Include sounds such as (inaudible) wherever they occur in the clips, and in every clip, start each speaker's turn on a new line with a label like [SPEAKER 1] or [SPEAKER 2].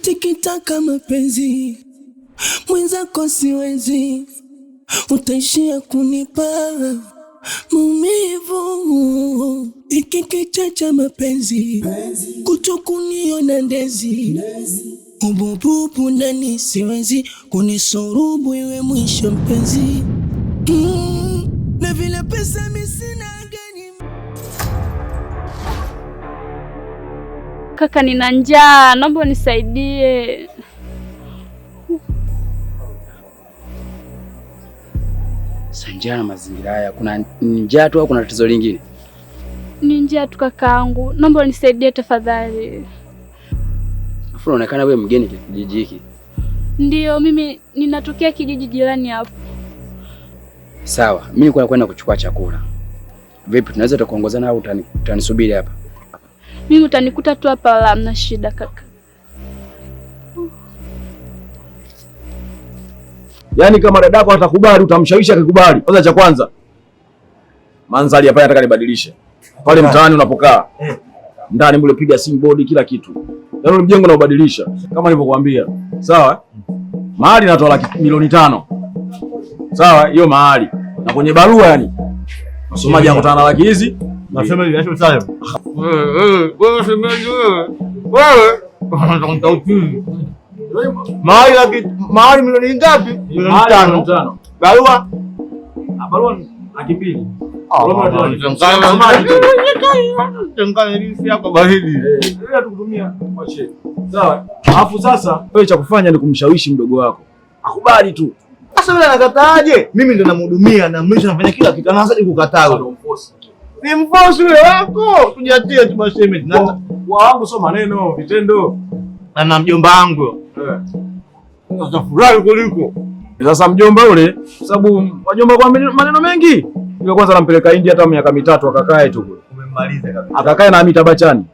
[SPEAKER 1] tikitaka mapenzi mwenzako siwezi, utaishia kunipa maumivu. Iki kicha cha mapenzi kutukuniona ndezi ubububu ndani siwezi, kunisurubu iwe mwisho mpenzi, mm, na vile pesa misina
[SPEAKER 2] kaka, nina njaa, naomba unisaidie.
[SPEAKER 3] Sanjaa na mazingira haya, kuna njaa tu au kuna tatizo lingine?
[SPEAKER 2] Ni njaa tu kakaangu, naomba unisaidie tafadhali.
[SPEAKER 3] Afu unaonekana wewe mgeni kijiji hiki?
[SPEAKER 2] ndio mimi ninatokea kijiji jirani hapo.
[SPEAKER 3] Sawa, mimi nilikuwa nakwenda kuchukua chakula. Vipi, tunaweza tukaongozana au utanisubiri hapa?
[SPEAKER 2] Mimi utanikuta tu hapa, wala hamna shida kaka.
[SPEAKER 4] Yaani kama dadako atakubali, utamshawishi akikubali. Kwanza cha kwanza mandhari hapa nataka nibadilishe pale mtaani unapokaa ndani mle, piga sim bodi, kila kitu, yaani mjengo na ubadilisha kama nilivyokuambia, sawa? Mahali natoa laki milioni tano, sawa? Hiyo mahali na kwenye barua, yani msomaji anakutana na laki hizi Nasema hivi acha mtayo. Wewe wewe semeji wewe. Wewe unataka utii. Mali laki mali milioni ngapi? Milioni tano. Barua. Barua laki mbili. Alafu sasa wewe cha kufanya ni kumshawishi mdogo wako akubali tu. Sasa wewe anakataaje? Mimi ndo namhudumia, namlisha, nafanya kila kitu, anazaje kukataa? Ni mkosi wako, tujatie tu mashemeji.
[SPEAKER 5] Wangu sio maneno, vitendo. Na mjomba wangu
[SPEAKER 4] eh. atafurahi kuliko sasa mjomba ule, sababu wajomba kwa maneno mengi. Ile kwanza nampeleka India hata miaka mitatu akakae tu,
[SPEAKER 5] umemmaliza kabisa,
[SPEAKER 4] akakae na amitabachani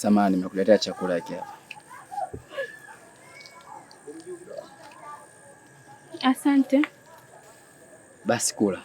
[SPEAKER 3] Samahani, nimekuletea chakula hiki hapa. Asante. Basi kula.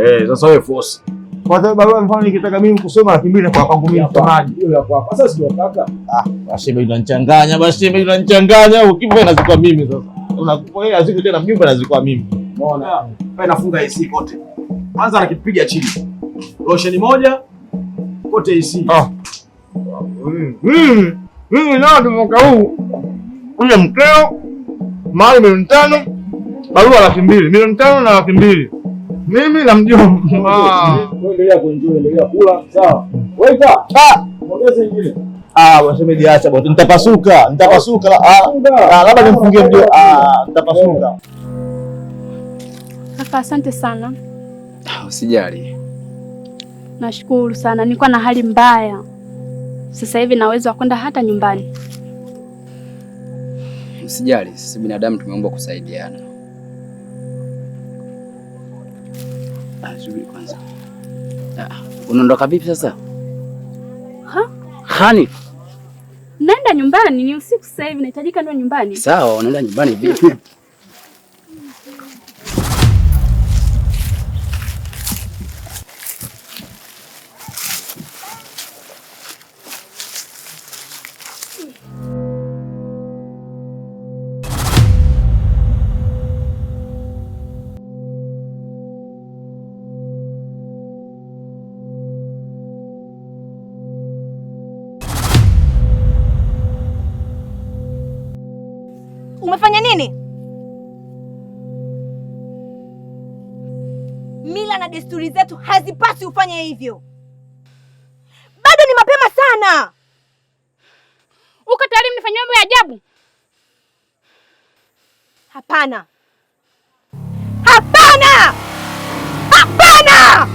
[SPEAKER 4] Eh, sasa wewe force. Kwa sababu baba mfano nikitaka mimi kusoma laki mbili kwa kwangu mimi mtumaji. Hiyo hapo hapo. Sasa sio kaka. Ah, basi mimi unanichanganya, basi mimi unanichanganya. na zikwa mimi sasa. Unakuwa yeye aziko tena mjumbe na zikwa mimi. Unaona? Wewe nafunga AC kote. Kwanza nakipiga chini. Lotion moja kote AC. Ah. Mm. Mm. Mimi nao tumoka huu. Ule mkeo mali milioni tano barua laki mbili milioni tano na laki mbili mimi na mjomba. Endelea kula. Ah. ah, washemeji acha bwana. Nitapasuka, nitapasuka. Ah, ah labda nimfungie mjomba. Ah, nitapasuka.
[SPEAKER 2] Kaka, asante sana.
[SPEAKER 3] Ah, usijali.
[SPEAKER 2] Nashukuru sana. Nilikuwa na hali mbaya. Sasa hivi naweza kwenda hata nyumbani.
[SPEAKER 3] Usijali, sisi binadamu tumeumbwa kusaidiana. Subiri kwanza. Ah, unaondoka vipi sasa? Ha? Hani?
[SPEAKER 2] Naenda nyumbani, ni usiku sasa hivi, nahitajika ndio nyumbani.
[SPEAKER 3] Sawa, unaenda nyumbani vipi? (laughs)
[SPEAKER 6] hazipasi ufanye hivyo. Bado ni mapema sana. Uko tayari mnifanyie mambo ya ajabu? Hapana, hapana, hapana!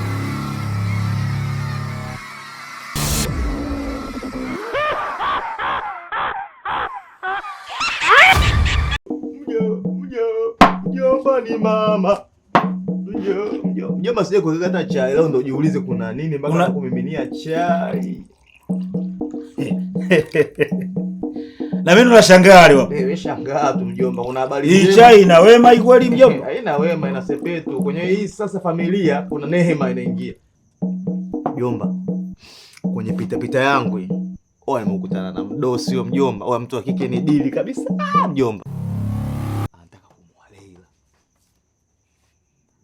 [SPEAKER 4] Mjomba ni mama Mjomba, sije kuweka hata chai leo, ndo ujiulize kuna nini mpaka kumiminia chai. (laughs) Na mimi nashangaa leo. Eh, Wewe shangaa tu mjomba, una habari hii? Hii chai ina wema kweli (laughs) mjomba? Haina wema, ina sepetu. Kwenye hii sasa familia kuna neema inaingia. Mjomba, kwenye pita pita yangu hii, oa nimekutana na mdosi huyo mjomba, oa mtu wa kike ni dili kabisa ah, mjomba.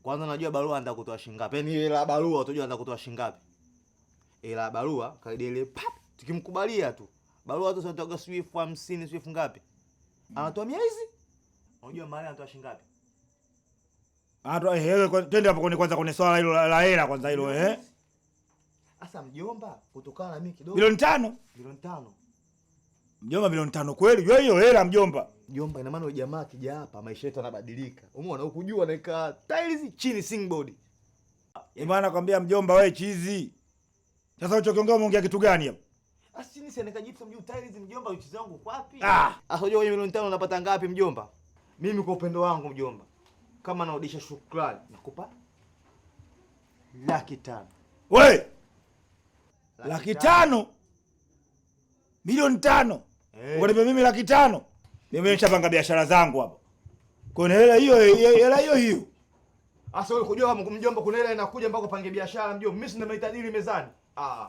[SPEAKER 4] Kwanza najua barua anataka kutoa shilingi ngapi. Yaani ile barua utajua anataka kutoa shilingi ngapi. Ile barua kaidi ile pap tukimkubalia tu. Barua watu wanatoka sijui elfu hamsini sijui elfu ngapi. Anatoa mia hizi. Unajua mahali anatoa shilingi ngapi? Anatoa eh, twende hapo kwenye kwanza kwenye swala hilo la hela kwanza hilo eh. Sasa mjomba, kutokana na mimi kidogo. Milioni 5. Milioni 5. Mjomba, milioni tano kweli? Jua hiyo hela mjomba. Mjomba, ina maana wewe jamaa akija hapa maisha yetu yanabadilika. Umeona ukujua naika tiles chini singboard. Ina maana nakwambia mjomba wewe chizi. Sasa uchokiongea umeongea kitu gani hapa? Asini si nikajibu mjomba tiles mjomba uchi zangu kwa wapi? Ah, ah unajua kwenye milioni tano unapata ngapi mjomba? Mimi kwa upendo wangu mjomba. Kama naudisha shukrani nakupa laki tano. Wewe laki tano milioni tano Hey. Ukanipa mimi laki tano. Mimi nishapanga biashara zangu hapo. Kuna hela hiyo hela hiyo hiyo. Asa wewe kujua kama mjomba kuna hela inakuja mpaka upange biashara mjomba. Mimi sina mahitaji mezani. Ah.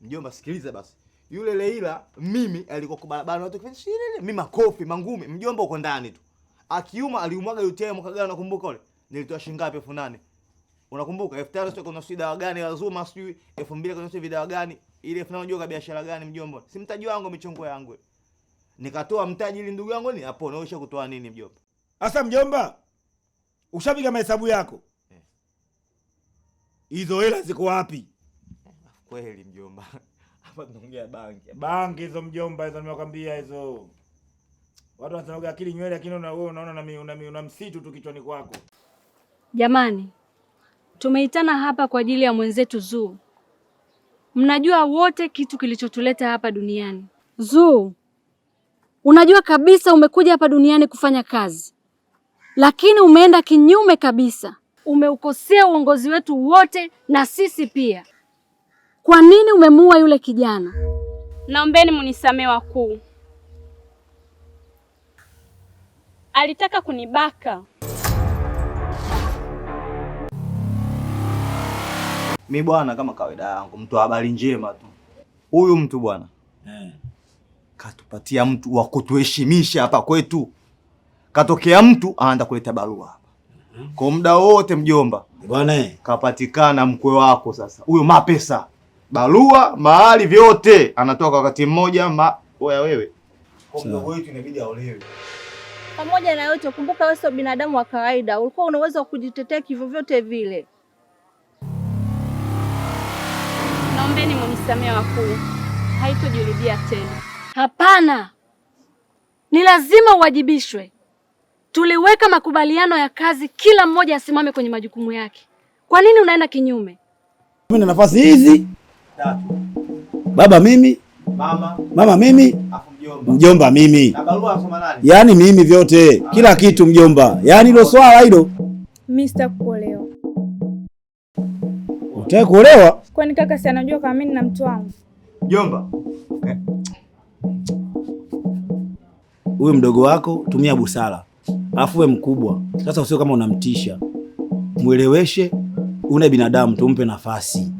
[SPEAKER 4] Mjomba sikiliza basi. Yule Leila mimi alikuwa kwa barabara watu kifanya shiri ile. Mimi makofi mangumi mjomba uko ndani tu. Akiuma aliumwaga yote mwaka gani nakumbuka ule. Nilitoa shilingi ngapi? elfu nane. Unakumbuka elfu tano sio kuna shida gani lazima sijui elfu mbili kuna shida gani ile elfu nane unajua kwa biashara gani mjomba? Si mtaji wangu michongo yangu nikatoa mtaji ili ndugu yangu ni hapo. naosha kutoa nini mjomba? Sasa mjomba, ushapiga mahesabu yako eh. hizo hela ziko wapi? Eh, kweli mjomba, (laughs) hapa tunaongea bangi banki hizo mjomba, hizo nimekwambia hizo. Watu wanasemaga akili nywele, lakini wewe unaona una msitu tu kichwani kwako.
[SPEAKER 6] Jamani, tumeitana hapa kwa ajili ya mwenzetu Zuu. Mnajua wote kitu kilichotuleta hapa duniani. Zuu Unajua kabisa umekuja hapa duniani kufanya kazi, lakini umeenda kinyume kabisa. Umeukosea uongozi wetu wote na sisi pia. Kwa nini umemua yule kijana? Naombeni munisamee wakuu, alitaka kunibaka.
[SPEAKER 4] Mi bwana, kama kawaida yangu, mtu wa habari njema tu huyu mtu bwana, yeah katupatia mtu wa kutuheshimisha hapa kwetu, katokea mtu aanza kuleta barua hapa mm-hmm. kwa muda wote. Mjomba bwana, kapatikana mkwe wako sasa, huyo mapesa barua mahali vyote anatoka wakati mmoja ma... oya wewe mdogo wetu inabidi aolewe.
[SPEAKER 6] Pamoja na yote, kumbuka wewe sio binadamu wa kawaida, ulikuwa una uwezo wa kujitetea kivyovyote vile. Naombeni mnisamehe wakuu, haitojirudia tena. Hapana, ni lazima uwajibishwe. Tuliweka makubaliano ya kazi, kila mmoja asimame kwenye majukumu yake. Kwa nini unaenda kinyume?
[SPEAKER 4] Mimi na nafasi hizi tatu, baba mimi, mama, mama mimi, mjomba, mjomba mimi, yaani mimi vyote, kila kitu mjomba. Yaani ilo swala hilo
[SPEAKER 6] Utaki kuolewa?
[SPEAKER 4] Utakuolewa?
[SPEAKER 6] Kwani kaka si anajua kama mimi na mtu wangu
[SPEAKER 4] mjomba (laughs) uwe mdogo wako tumia busara, alafu uwe mkubwa sasa, usio kama unamtisha, mweleweshe una binadamu, tumpe nafasi,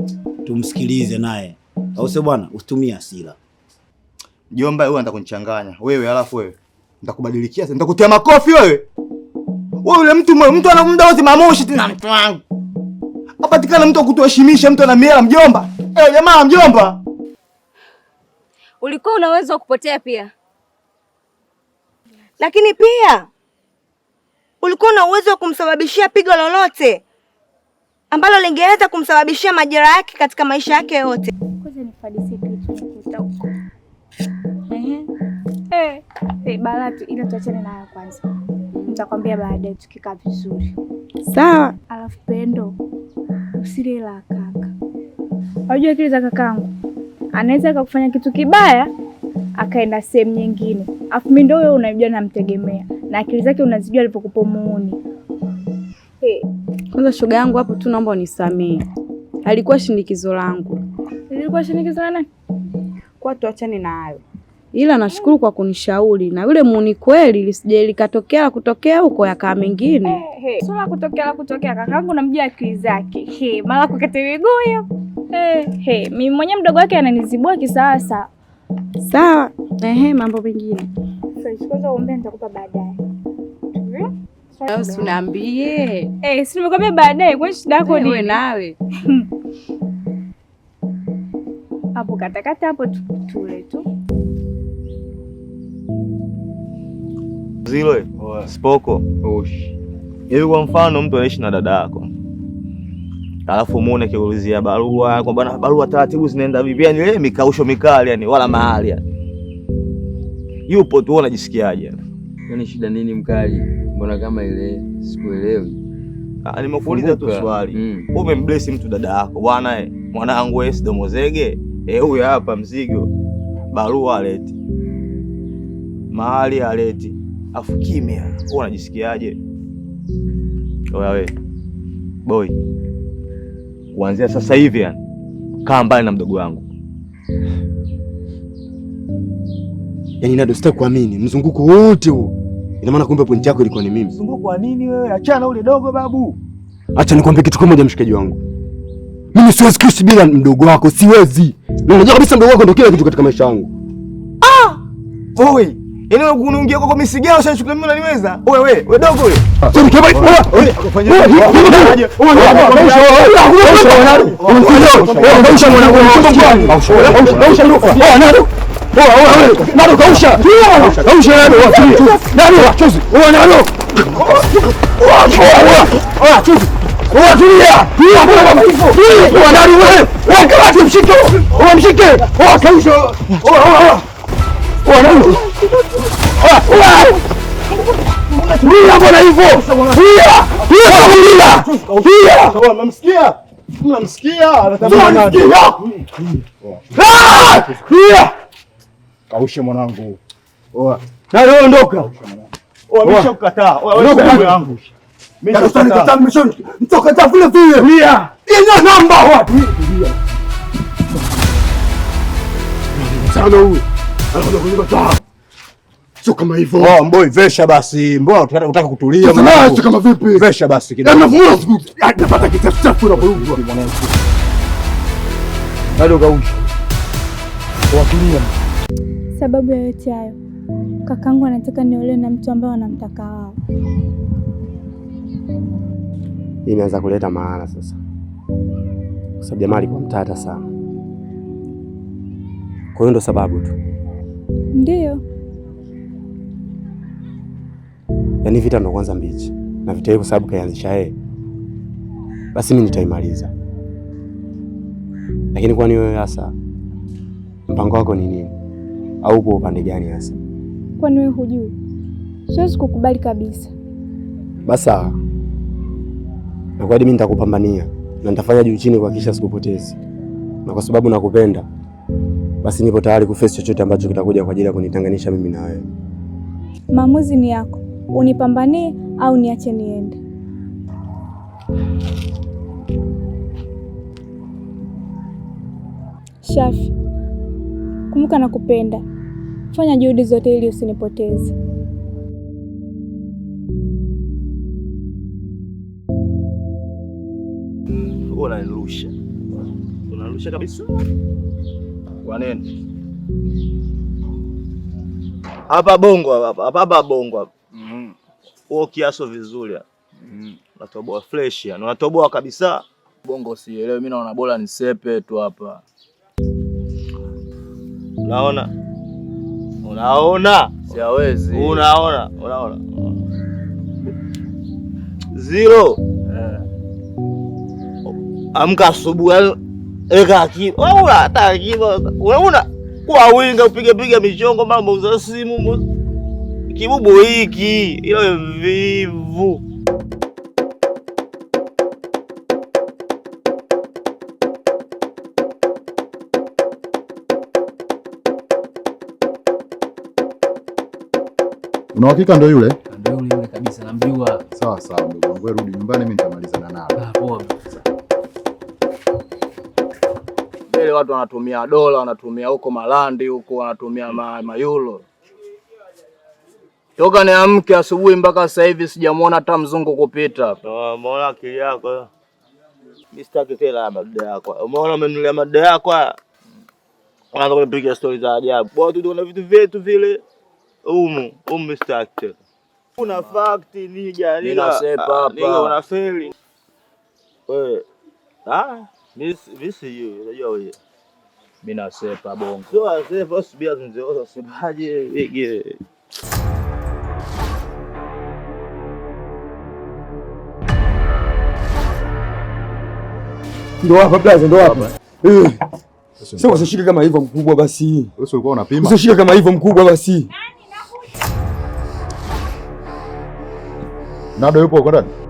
[SPEAKER 4] tumsikilize naye, au sio bwana? Usitumie hasira. Jomba huyu anataka kunichanganya wewe, alafu wewe nitakubadilikia, nitakutia makofi wewe. Wewe yule mtu mwe, mtu ana muda wote mamoshi tena mtu wangu. Apatikana mtu akutuheshimisha, mtu ana miela mjomba. Eh, jamaa mjomba.
[SPEAKER 6] Ulikuwa unaweza kupotea pia lakini pia ulikuwa na uwezo wa kumsababishia pigo lolote ambalo lingeweza kumsababishia majira yake katika maisha yake yote.
[SPEAKER 7] hey, eh, eh, Barati ila tuachane nayo kwanza. Nitakwambia baadaye tukikaa vizuri. Sawa. Alafu Pendo, usile la kaka. Unajua akili za kakangu anaweza akakufanya kitu kibaya akaenda sehemu nyingine, afu mi ndo wewe unajua namtegemea na akili zake unazijua alivyokupa muuni.
[SPEAKER 8] Hey, eh. kwanza shoga yangu hapo tu naomba unisamehe, alikuwa shinikizo langu.
[SPEAKER 7] Ilikuwa shinikizo la nani? Kwa tuachane na hayo,
[SPEAKER 8] ila nashukuru kwa kunishauri na yule muuni kweli, lisije likatokea la kutokea huko yakaa mengine. Hey,
[SPEAKER 7] eh, eh. hey. Sio la kutokea la kutokea, kakangu namjua akili zake. Hey, mara kukata miguu hiyo. Hey, hey. Mimi mwenye mdogo wake ananizibua kisasa
[SPEAKER 8] Sawa. Ehe, mambo mengine
[SPEAKER 7] kwanza nitakupa baadaye.
[SPEAKER 8] Usiniambie.
[SPEAKER 7] Eh, si nimekwambia baadaye, kwa shida yako ni
[SPEAKER 8] wewe nawe.
[SPEAKER 7] (laughs) Hapo katakata hapo tule tu.
[SPEAKER 4] Zile oh, spoko. Osh. Oh, Hivi kwa mfano mtu anaishi na dada yako alafu muone kiulizia barua kwa bwana, barua taratibu zinaenda vipi? Yani ile mikausho mikali, yani wala mahali, yani yupo tu, unajisikiaje?
[SPEAKER 9] Yani shida nini mkali? Mbona kama ile sikuelewi.
[SPEAKER 4] Ah, nimekuuliza tu swali. Mm. umembless mtu dada yako bwana, eh, mwanangu eh, sidomozege eh, huyu hapa mzigo, barua aleti, mahali aleti, afu kimya. Wewe unajisikiaje? Oya boy kuanzia sasa hivi, yani kaa mbali na mdogo wangu. Yaani Nado, sitaki kuamini mzunguko wote huo. Ina maana kumbe pointi yako ilikuwa ni mimi. Mzunguko wa nini wewe? Achana ule dogo babu. Acha nikwambie kitu kimoja, mshikaji wangu, mimi siwezi kuishi bila mdogo wako, siwezi. Na unajua kabisa mdogo wako ndio kila kitu katika maisha yangu. Ah! Owe. Eneo kunuungia kwako mimi sigao sasa c h u k r a mimi unaniweza. Wewe wewe, wewe dogo wewe. Sasa kebali. Wewe akufanyia. Wewe unakausha mwanangu. Unakausha ndio. Oh, nado. Oh, oh, nado kausha. Kausha nado. Nado chuzi. Oh, nado. Oh, chuzi. Oh, tulia. Tulia bwana. Tulia. Oh, nado wewe. Wewe kama mshike. Oh, mshike. Oh, kausha. Oh, oh, oh. mbona hivyo? Mnamsikia? Mnamsikia? Anatamani kaushe mwanangu. Na leo ondoka. Wamesha kukataa. Mtoka vile vile. Ina namba wapi? Sana huyu. Sio kama hivyo. Oh, mboi vesha basi. Mbona unataka kutulia? Sio kama vipi? Vesha basi kidogo. Yaani yaani na kuruhusu mwanangu. Bado Watulia. Sababu ya yote hayo, kakangu anataka niolewe na mtu ambaye anamtaka wao. Inaanza kuleta maana sasa, kwa sababu jamaa alikuwa mtata sana, kwa hiyo ndo sababu tu. Ndiyo. Yaani vita ndo kwanza mbichi, na vita hii kwa sababu kaianzisha yeye, basi mimi nitaimaliza. Lakini kwani wewe hasa mpango wako ni nini, au uko upande gani hasa? Kwani wewe hujui? Siwezi kukubali kabisa. basa sawa, na kweli mimi nitakupambania na nitafanya juu chini kuhakikisha sikupotezi, na kwa sababu nakupenda basi nipo tayari kuface chochote ambacho kitakuja kwa ajili ya kunitanganisha mimi na wewe. Maamuzi ni yako, unipambanie au niache niende. Shafi, kumbuka na kupenda, fanya juhudi zote ili usinipoteze. Unarusha, unarusha kabisa kwa nini hapa bongo hapa hapa bongo mhm, huo kiaso vizuri mm natoboa fresh yani natoboa kabisa bongo sielewi mimi naona bora nisepe tu hapa unaona unaona siawezi unaona unaona zero yeah. amka asubuhi Eka akiba. Wewe una hata akiba. Wewe una kwa winga upige piga michongo mambo za simu. Kibubu hiki ilo vivu. Una hakika ndio yule? Ndio yule kabisa namjua. Sawa sawa, mdogo wangu rudi nyumbani mimi nitamalizana naye. Ah, poa vile watu wanatumia dola, wanatumia huko malandi huko, wanatumia ma, mayulo. Toka niamke asubuhi mpaka sasa hivi sijamwona hata mzungu kupita. Umeona akili yako. Mimi sitaki tena mada yako. Umeona umenulia mada yako. Unaanza kunipigia story za ajabu. Bwana tu kuna vitu vyetu vile. Umu, umu sitaki tena. Kuna fact ni nina. Nina sepa ah, hapa. Nina unafeli. Wewe. Ah. Misi misi hiyo unajua wewe. Mimi nasepa bongo. Sio nasepa usibia tunzeoza usepaje wege. Ndio hapa blaza ndio hapa. Eh. Sio usishike kama hivyo mkubwa basi. Wewe ulikuwa unapima. Usishike kama hivyo mkubwa basi. Nado yupo huko ndani?